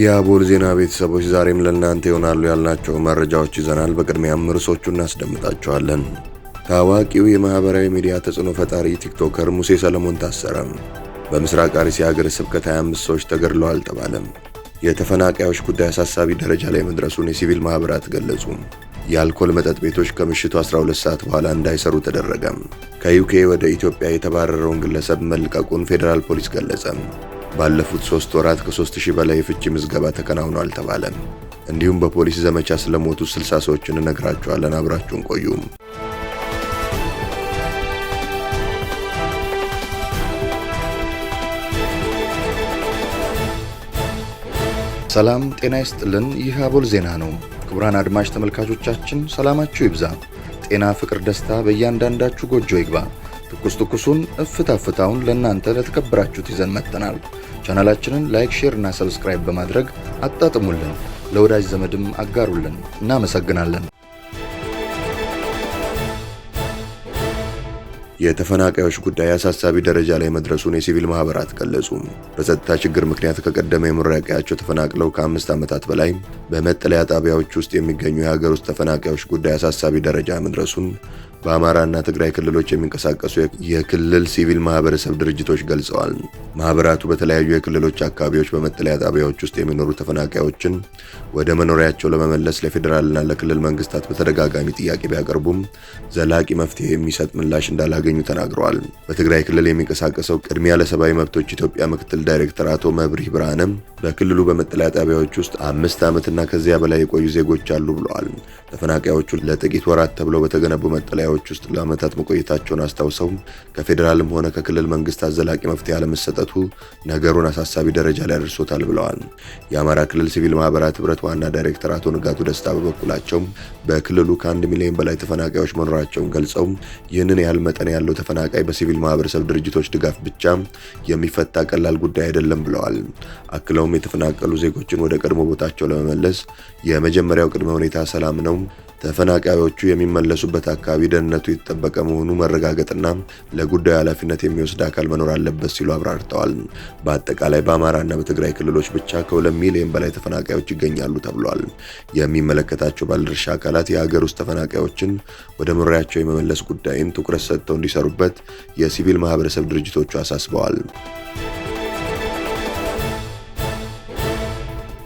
የአቦል ዜና ቤተሰቦች ዛሬም ለእናንተ ይሆናሉ ያልናቸው መረጃዎች ይዘናል። በቅድሚያም ርዕሶቹ እናስደምጣቸዋለን። ታዋቂው የማኅበራዊ ሚዲያ ተጽዕኖ ፈጣሪ ቲክቶከር ሙሴ ሰለሞን ታሰረም። በምስራቅ አርሲ ሀገረ ስብከት 25 ሰዎች ተገድለው ተባለም። የተፈናቃዮች ጉዳይ አሳሳቢ ደረጃ ላይ መድረሱን የሲቪል ማኅበራት ገለጹ። የአልኮል መጠጥ ቤቶች ከምሽቱ 12 ሰዓት በኋላ እንዳይሰሩ ተደረገም። ከዩኬ ወደ ኢትዮጵያ የተባረረውን ግለሰብ መልቀቁን ፌዴራል ፖሊስ ገለጸም። ባለፉት ሶስት ወራት ከሶስት ሺህ በላይ የፍቺ ምዝገባ ተከናውኗል ተባለ። እንዲሁም በፖሊስ ዘመቻ ስለሞቱ ስልሳ ሰዎችን እነግራችኋለን። አብራችሁን ቆዩም። ሰላም ጤና ይስጥልን። ይህ አቦል ዜና ነው። ክቡራን አድማጭ ተመልካቾቻችን ሰላማችሁ ይብዛ፣ ጤና፣ ፍቅር፣ ደስታ በእያንዳንዳችሁ ጎጆ ይግባ። ትኩስ ትኩሱን እፍታ ፍታውን ለእናንተ ለተከበራችሁት ይዘን መጥተናል። ቻናላችንን ላይክ፣ ሼር እና ሰብስክራይብ በማድረግ አጣጥሙልን፣ ለወዳጅ ዘመድም አጋሩልን። እናመሰግናለን። የተፈናቃዮች ጉዳይ አሳሳቢ ደረጃ ላይ መድረሱን የሲቪል ማህበራት ገለጹ። በጸጥታ ችግር ምክንያት ከቀደመ የመኖሪያ ቀያቸው ተፈናቅለው ከአምስት ዓመታት በላይ በመጠለያ ጣቢያዎች ውስጥ የሚገኙ የሀገር ውስጥ ተፈናቃዮች ጉዳይ አሳሳቢ ደረጃ መድረሱን በአማራና ትግራይ ክልሎች የሚንቀሳቀሱ የክልል ሲቪል ማህበረሰብ ድርጅቶች ገልጸዋል። ማህበራቱ በተለያዩ የክልሎች አካባቢዎች በመጠለያ ጣቢያዎች ውስጥ የሚኖሩ ተፈናቃዮችን ወደ መኖሪያቸው ለመመለስ ለፌዴራልና ለክልል መንግስታት በተደጋጋሚ ጥያቄ ቢያቀርቡም ዘላቂ መፍትሄ የሚሰጥ ምላሽ እንዳላገኙ ተናግረዋል። በትግራይ ክልል የሚንቀሳቀሰው ቅድሚያ ለሰብአዊ መብቶች ኢትዮጵያ ምክትል ዳይሬክተር አቶ መብሪህ ብርሃንም በክልሉ በመጠለያ ጣቢያዎች ውስጥ አምስት ዓመትና ከዚያ በላይ የቆዩ ዜጎች አሉ ብለዋል። ተፈናቃዮቹ ለጥቂት ወራት ተብለው በተገነቡ መጠለያ ጉዳዮች ውስጥ ለዓመታት መቆየታቸውን አስታውሰው ከፌዴራልም ሆነ ከክልል መንግስት አዘላቂ መፍትሄ አለመሰጠቱ ነገሩን አሳሳቢ ደረጃ ላይ አድርሶታል ብለዋል። የአማራ ክልል ሲቪል ማህበራት ህብረት ዋና ዳይሬክተር አቶ ንጋቱ ደስታ በበኩላቸው በክልሉ ከአንድ ሚሊዮን በላይ ተፈናቃዮች መኖራቸውን ገልጸው ይህንን ያህል መጠን ያለው ተፈናቃይ በሲቪል ማህበረሰብ ድርጅቶች ድጋፍ ብቻ የሚፈታ ቀላል ጉዳይ አይደለም ብለዋል። አክለውም የተፈናቀሉ ዜጎችን ወደ ቀድሞ ቦታቸው ለመመለስ የመጀመሪያው ቅድመ ሁኔታ ሰላም ነው። ተፈናቃዮቹ የሚመለሱበት አካባቢ ደህንነቱ የተጠበቀ መሆኑ መረጋገጥና ለጉዳዩ ኃላፊነት የሚወስድ አካል መኖር አለበት ሲሉ አብራርተዋል። በአጠቃላይ በአማራና በትግራይ ክልሎች ብቻ ከሁለት ሚሊዮን በላይ ተፈናቃዮች ይገኛሉ ተብሏል። የሚመለከታቸው ባለድርሻ አካላት የሀገር ውስጥ ተፈናቃዮችን ወደ መኖሪያቸው የመመለስ ጉዳይን ትኩረት ሰጥተው እንዲሰሩበት የሲቪል ማህበረሰብ ድርጅቶቹ አሳስበዋል።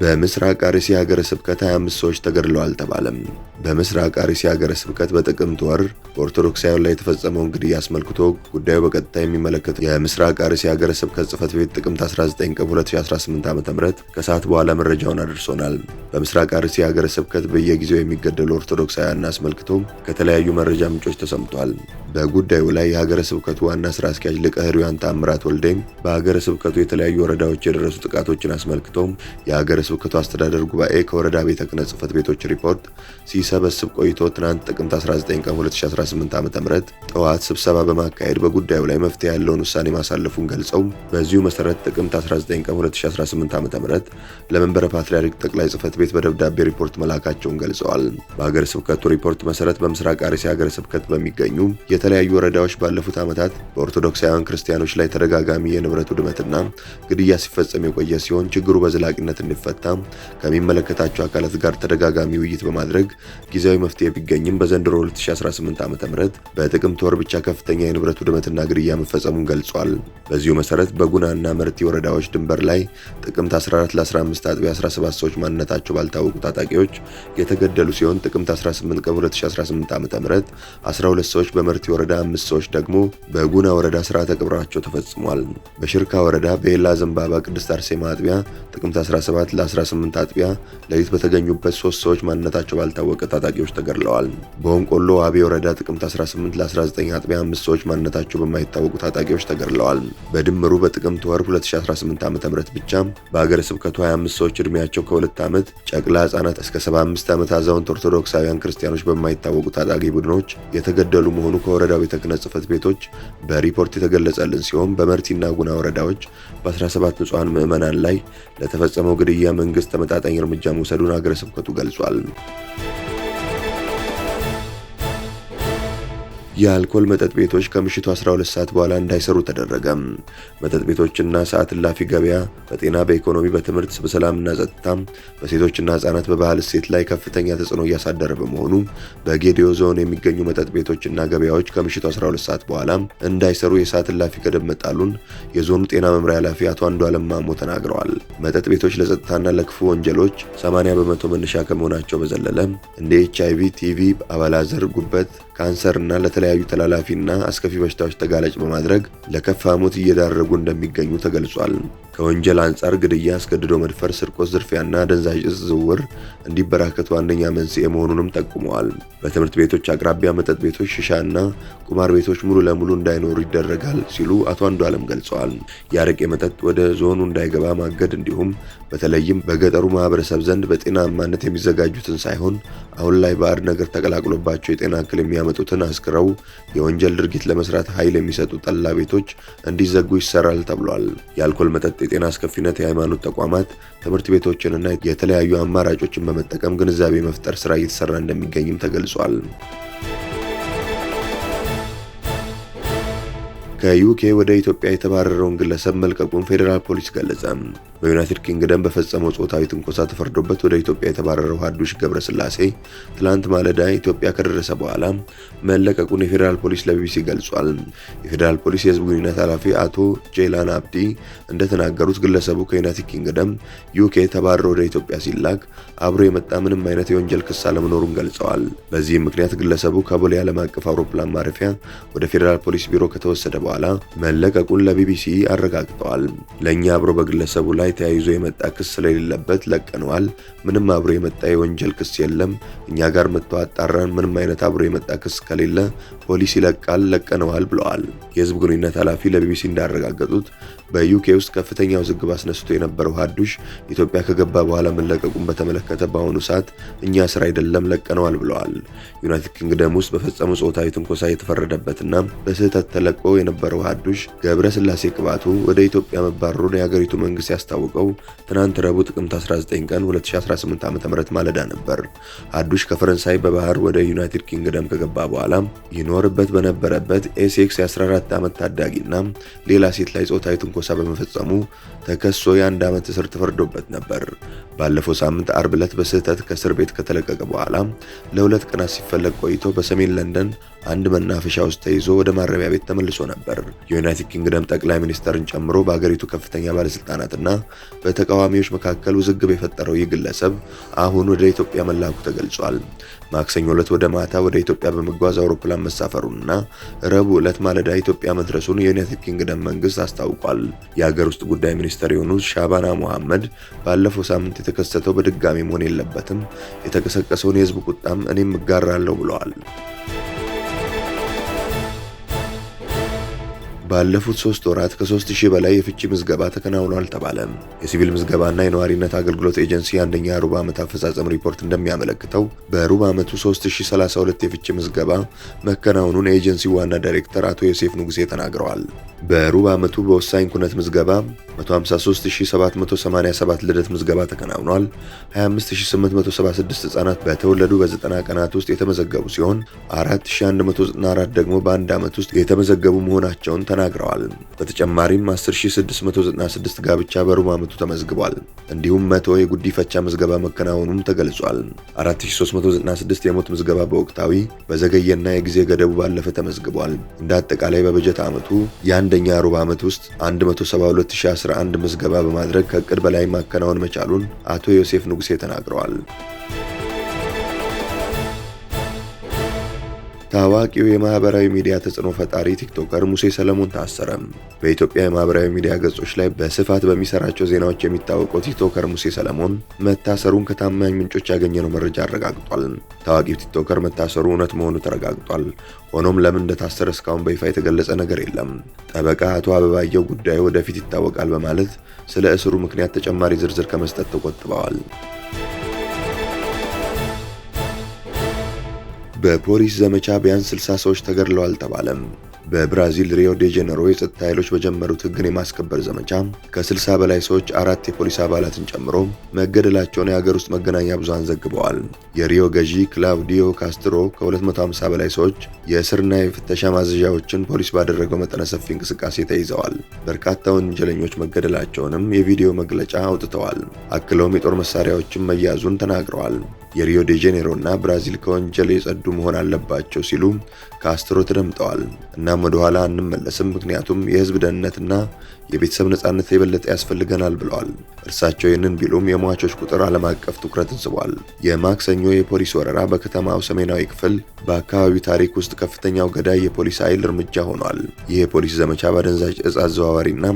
በምስራቅ አርሲ ሀገረ ስብከት 25 ሰዎች ተገድለዋል ተባለም። በምስራቅ አርሲ ሀገረ ስብከት በጥቅምት ወር በኦርቶዶክሳውያን ላይ የተፈጸመውን ግድያ አስመልክቶ ጉዳዩ በቀጥታ የሚመለከተው የምስራቅ አርሲ ሀገረ ስብከት ጽሕፈት ቤት ጥቅምት 19 ቀን 2018 ዓ.ም ከሰዓት በኋላ መረጃውን አድርሶናል። በምስራቅ አርሲ ሀገረ ስብከት በየጊዜው የሚገደሉ ኦርቶዶክሳውያንን አስመልክቶ ከተለያዩ መረጃ ምንጮች ተሰምቷል። በጉዳዩ ላይ የሀገረ ስብከቱ ዋና ስራ አስኪያጅ ሊቀ ሕሩያን ታምራት ወልደም በሀገረ ስብከቱ የተለያዩ ወረዳዎች የደረሱ ጥቃቶችን አስመልክቶም የሀገረ ስብከቱ አስተዳደር ጉባኤ ከወረዳ ቤተ ክህነት ጽሕፈት ቤቶች ሪፖርት ሲሰበስብ ቆይቶ ትናንት ጥቅምት 19 ቀን 2018 ዓ.ም ጠዋት ስብሰባ በማካሄድ በጉዳዩ ላይ መፍትሄ ያለውን ውሳኔ ማሳለፉን ገልጸው በዚሁ መሰረት ጥቅምት 19 ቀን 2018 ም ለመንበረ ፓትርያርክ ጠቅላይ ጽሕፈት ቤት በደብዳቤ ሪፖርት መላካቸውን ገልጸዋል። በሀገረ ስብከቱ ሪፖርት መሰረት በምስራቅ አርሲ ሀገረ ስብከት በሚገኙ የተ በተለያዩ ወረዳዎች ባለፉት ዓመታት በኦርቶዶክሳውያን ክርስቲያኖች ላይ ተደጋጋሚ የንብረት ውድመትና ግድያ ሲፈጸም የቆየ ሲሆን ችግሩ በዘላቂነት እንዲፈታ ከሚመለከታቸው አካላት ጋር ተደጋጋሚ ውይይት በማድረግ ጊዜያዊ መፍትሄ ቢገኝም በዘንድሮ 2018 ዓ ም በጥቅምት ወር ብቻ ከፍተኛ የንብረት ውድመትና ግድያ መፈጸሙን ገልጿል። በዚሁ መሰረት በጉናና መርቲ ወረዳዎች ድንበር ላይ ጥቅምት 14 ለ15 አጥቢ 17 ሰዎች ማንነታቸው ባልታወቁ ታጣቂዎች የተገደሉ ሲሆን ጥቅምት 18 ቀን 2018 ዓ ም 12 ሰዎች በመርቲ ሁለት ወረዳ አምስት ሰዎች ደግሞ በጉና ወረዳ ስርዓተ ቀብራቸው ተፈጽሟል። በሽርካ ወረዳ በኤላ ዘንባባ ቅድስት አርሴማ አጥቢያ ጥቅምት 17 ለ18 አጥቢያ ሌሊት በተገኙበት ሶስት ሰዎች ማንነታቸው ባልታወቀ ታጣቂዎች ተገድለዋል። በሆንቆሎ አቤ ወረዳ ጥቅምት 18 ለ19 አጥቢያ አምስት ሰዎች ማንነታቸው በማይታወቁ ታጣቂዎች ተገድለዋል። በድምሩ በጥቅምት ወር 2018 ዓ ም ብቻ በአገረ ስብከቱ 25 ሰዎች ዕድሜያቸው ከሁለት ዓመት ጨቅላ ህጻናት እስከ 75 ዓመት አዛውንት ኦርቶዶክሳውያን ክርስቲያኖች በማይታወቁ ታጣቂ ቡድኖች የተገደሉ መሆኑ የወረዳው ቤተ ክህነት ጽሕፈት ቤቶች በሪፖርት የተገለጸልን ሲሆን በመርቲና ጉና ወረዳዎች በ17 ንጹሐን ምዕመናን ላይ ለተፈጸመው ግድያ መንግስት ተመጣጣኝ እርምጃ መውሰዱን አገረ ስብከቱ ገልጿል። የአልኮል መጠጥ ቤቶች ከምሽቱ 12 ሰዓት በኋላ እንዳይሰሩ ተደረገም። መጠጥ ቤቶችና ሰዓት እላፊ ገበያ በጤና በኢኮኖሚ፣ በትምህርት፣ በሰላምና ጸጥታ፣ በሴቶችና ህጻናት፣ በባህል እሴት ላይ ከፍተኛ ተጽዕኖ እያሳደረ በመሆኑ በጌዲዮ ዞን የሚገኙ መጠጥ ቤቶችና ገበያዎች ከምሽቱ 12 ሰዓት በኋላ እንዳይሰሩ የሰዓት እላፊ ገደብ መጣሉን የዞኑ ጤና መምሪያ ኃላፊ አቶ አንዱ አለማሞ ማሞ ተናግረዋል። መጠጥ ቤቶች ለጸጥታና ለክፉ ወንጀሎች 80 በመቶ መነሻ ከመሆናቸው በዘለለ እንደ ኤች አይቪ ቲቪ፣ አባላዘር፣ ጉበት ካንሰርና ለተለያ ለተለያዩ ተላላፊና አስከፊ በሽታዎች ተጋላጭ በማድረግ ለከፋ ሞት እየዳረጉ እንደሚገኙ ተገልጿል። ከወንጀል አንጻር ግድያ፣ አስገድዶ መድፈር፣ ስርቆት፣ ዝርፊያና አደንዛዥ እጽ ዝውውር እንዲበራከት ዋነኛ መንስኤ መሆኑንም ጠቁመዋል። በትምህርት ቤቶች አቅራቢያ መጠጥ ቤቶች፣ ሽሻና ቁማር ቤቶች ሙሉ ለሙሉ እንዳይኖሩ ይደረጋል ሲሉ አቶ አለም ገልጸዋል። የአረቄ መጠጥ ወደ ዞኑ እንዳይገባ ማገድ እንዲሁም በተለይም በገጠሩ ማህበረሰብ ዘንድ በጤናማነት የሚዘጋጁትን ሳይሆን አሁን ላይ ባዕድ ነገር ተቀላቅሎባቸው የጤና እክል የሚያመጡትን አስክረው የወንጀል ድርጊት ለመስራት ኃይል የሚሰጡ ጠላ ቤቶች እንዲዘጉ ይሰራል ተብሏል። የአልኮል መጠጥ የጤና አስከፊነት የሃይማኖት ተቋማት ትምህርት ቤቶችንና የተለያዩ አማራጮችን በመጠቀም ግንዛቤ መፍጠር ስራ እየተሰራ እንደሚገኝም ተገልጿል። ከዩኬ ወደ ኢትዮጵያ የተባረረውን ግለሰብ መልቀቁን ፌዴራል ፖሊስ ገለጸ። በዩናይትድ ኪንግደም በፈጸመው ጾታዊ ትንኮሳ ተፈርዶበት ወደ ኢትዮጵያ የተባረረው ሀዱሽ ገብረስላሴ ትላንት ማለዳ ኢትዮጵያ ከደረሰ በኋላ መለቀቁን የፌዴራል ፖሊስ ለቢቢሲ ገልጿል። የፌዴራል ፖሊስ የህዝብ ግንኙነት ኃላፊ አቶ ጄላን አብዲ እንደተናገሩት ግለሰቡ ከዩናይትድ ኪንግደም ዩኬ ተባረረ ወደ ኢትዮጵያ ሲላክ አብሮ የመጣ ምንም አይነት የወንጀል ክስ አለመኖሩን ገልጸዋል። በዚህም ምክንያት ግለሰቡ ከቦሌ ዓለም አቀፍ አውሮፕላን ማረፊያ ወደ ፌዴራል ፖሊስ ቢሮ ከተወሰደ በኋላ በኋላ መለቀቁን ለቢቢሲ አረጋግጠዋል። ለእኛ አብሮ በግለሰቡ ላይ ተያይዞ የመጣ ክስ ስለሌለበት ለቀነዋል። ምንም አብሮ የመጣ የወንጀል ክስ የለም። እኛ ጋር መጥተው አጣራን። ምንም አይነት አብሮ የመጣ ክስ ከሌለ ፖሊስ ይለቃል። ለቀነዋል ብለዋል። የህዝብ ግንኙነት ኃላፊ ለቢቢሲ እንዳረጋገጡት በዩኬ ውስጥ ከፍተኛ ውዝግብ አስነስቶ የነበረው ሀዱሽ ኢትዮጵያ ከገባ በኋላ መለቀቁን በተመለከተ በአሁኑ ሰዓት እኛ ስራ አይደለም ለቀነዋል ብለዋል። ዩናይትድ ኪንግደም ውስጥ በፈጸሙ ጾታዊ ትንኮሳ የተፈረደበትና በስህተት ተለቆ የነበረው ሀዱሽ ገብረ ስላሴ ቅባቱ ወደ ኢትዮጵያ መባረሩን የሀገሪቱ መንግስት ያስታወቀው ትናንት ረቡዕ ጥቅምት 19 ቀን 2018 ዓ.ም ማለዳ ነበር። ሀዱሽ ከፈረንሳይ በባህር ወደ ዩናይትድ ኪንግደም ከገባ በኋላ ይኖርበት በነበረበት ኤሴክስ የ14 ዓመት ታዳጊና ሌላ ሴት ላይ ጾታዊ ትንኮሳ በመፈጸሙ ተከሶ የአንድ ዓመት እስር ተፈርዶበት ነበር። ባለፈው ሳምንት አርብ ዕለት በስህተት ከእስር ቤት ከተለቀቀ በኋላ ለሁለት ቀናት ሲፈለግ ቆይቶ በሰሜን ለንደን አንድ መናፈሻ ውስጥ ተይዞ ወደ ማረሚያ ቤት ተመልሶ ነበር። የዩናይትድ ኪንግደም ጠቅላይ ሚኒስተርን ጨምሮ በሀገሪቱ ከፍተኛ ባለስልጣናትና በተቃዋሚዎች መካከል ውዝግብ የፈጠረው ይህ ግለሰብ አሁን ወደ ኢትዮጵያ መላኩ ተገልጿል። ማክሰኞ ዕለት ወደ ማታ ወደ ኢትዮጵያ በመጓዝ አውሮፕላን መሳፈሩንና ረቡዕ ዕለት ማለዳ ኢትዮጵያ መድረሱን የዩናይትድ ኪንግደም መንግስት አስታውቋል። የሀገር ውስጥ ጉዳይ ሚኒስተር የሆኑት ሻባና ሙሐመድ ባለፈው ሳምንት የተከሰተው በድጋሚ መሆን የለበትም፣ የተቀሰቀሰውን የህዝብ ቁጣም እኔም እጋራለሁ ብለዋል። ባለፉት ሶስት ወራት ከሶስት ሺህ በላይ የፍቺ ምዝገባ ተከናውኗል ተባለ። የሲቪል ምዝገባና የነዋሪነት አገልግሎት ኤጀንሲ አንደኛ ሩብ ዓመት አፈጻጸም ሪፖርት እንደሚያመለክተው በሩብ ዓመቱ 3032 የፍቺ ምዝገባ መከናወኑን የኤጀንሲ ዋና ዳይሬክተር አቶ ዮሴፍ ንጉሴ ተናግረዋል። በሩብ ዓመቱ በወሳኝ ኩነት ምዝገባ 153787 ልደት ምዝገባ ተከናውኗል። 25876 ህጻናት በተወለዱ በ90 ቀናት ውስጥ የተመዘገቡ ሲሆን 4194 ደግሞ በአንድ ዓመት ውስጥ የተመዘገቡ መሆናቸውን ተናግረዋል። በተጨማሪም 10696 ጋብቻ በሩብ ዓመቱ ተመዝግቧል። እንዲሁም መቶ የጉዲፈቻ ምዝገባ መከናወኑም ተገልጿል። 4396 የሞት ምዝገባ በወቅታዊ በዘገየና የጊዜ ገደቡ ባለፈ ተመዝግቧል። እንደ አጠቃላይ በበጀት ዓመቱ የአንደኛ ሩብ ዓመት ውስጥ 172011 ምዝገባ በማድረግ ከእቅድ በላይ ማከናወን መቻሉን አቶ ዮሴፍ ንጉሴ ተናግረዋል። ታዋቂው የማህበራዊ ሚዲያ ተጽዕኖ ፈጣሪ ቲክቶከር ሙሴ ሰለሞን ታሰረ። በኢትዮጵያ የማህበራዊ ሚዲያ ገጾች ላይ በስፋት በሚሰራቸው ዜናዎች የሚታወቀው ቲክቶከር ሙሴ ሰለሞን መታሰሩን ከታማኝ ምንጮች ያገኘነው መረጃ አረጋግጧል። ታዋቂው ቲክቶከር መታሰሩ እውነት መሆኑ ተረጋግጧል። ሆኖም ለምን እንደታሰረ እስካሁን በይፋ የተገለጸ ነገር የለም። ጠበቃ አቶ አበባየው ጉዳዩ ወደፊት ይታወቃል በማለት ስለ እስሩ ምክንያት ተጨማሪ ዝርዝር ከመስጠት ተቆጥበዋል። በፖሊስ ዘመቻ ቢያንስ 60 ሰዎች ተገድለዋል ተባለም። በብራዚል ሪዮ ዴ ጄኔሮ የጸጥታ ኃይሎች በጀመሩት ህግን የማስከበር ዘመቻ ከ60 በላይ ሰዎች አራት የፖሊስ አባላትን ጨምሮ መገደላቸውን የሀገር ውስጥ መገናኛ ብዙሃን ዘግበዋል። የሪዮ ገዢ ክላውዲዮ ካስትሮ ከ250 በላይ ሰዎች የእስርና የፍተሻ ማዘዣዎችን ፖሊስ ባደረገው መጠነ ሰፊ እንቅስቃሴ ተይዘዋል። በርካታ ወንጀለኞች መገደላቸውንም የቪዲዮ መግለጫ አውጥተዋል። አክለውም የጦር መሳሪያዎችን መያዙን ተናግረዋል። የሪዮ ዴ ጄኔሮ እና ብራዚል ከወንጀል የጸዱ መሆን አለባቸው ሲሉ ካስትሮ ተደምጠዋል። እናም ወደኋላ አንመለስም፣ ምክንያቱም የህዝብ ደህንነትና የቤተሰብ ነጻነት የበለጠ ያስፈልገናል ብለዋል። እርሳቸው ይህንን ቢሉም የሟቾች ቁጥር ዓለም አቀፍ ትኩረትን ስቧል። የማክሰኞ የፖሊስ ወረራ በከተማው ሰሜናዊ ክፍል በአካባቢው ታሪክ ውስጥ ከፍተኛው ገዳይ የፖሊስ ኃይል እርምጃ ሆኗል። ይህ የፖሊስ ዘመቻ በአደንዛዥ እጽ አዘዋዋሪና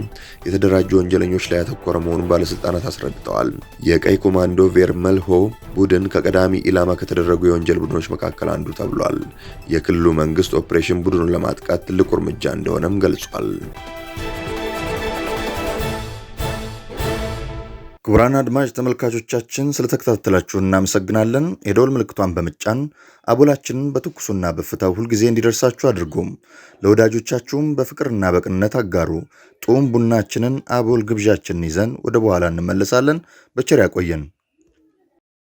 የተደራጁ ወንጀለኞች ላይ ያተኮረ መሆኑን ባለስልጣናት አስረድተዋል። የቀይ ኮማንዶ ቬርመልሆ ቡድን ከቀ ቀዳሚ ኢላማ ከተደረጉ የወንጀል ቡድኖች መካከል አንዱ ተብሏል። የክልሉ መንግስት ኦፕሬሽን ቡድኑን ለማጥቃት ትልቁ እርምጃ እንደሆነም ገልጿል። ክቡራን አድማጭ ተመልካቾቻችን ስለተከታተላችሁ እናመሰግናለን። የደወል ምልክቷን በመጫን አቦላችንን በትኩሱና በፍታው ሁልጊዜ እንዲደርሳችሁ አድርጉም። ለወዳጆቻችሁም በፍቅርና በቅንነት አጋሩ። ጡም ቡናችንን አቦል ግብዣችንን ይዘን ወደ በኋላ እንመለሳለን። በቸር ያቆየን።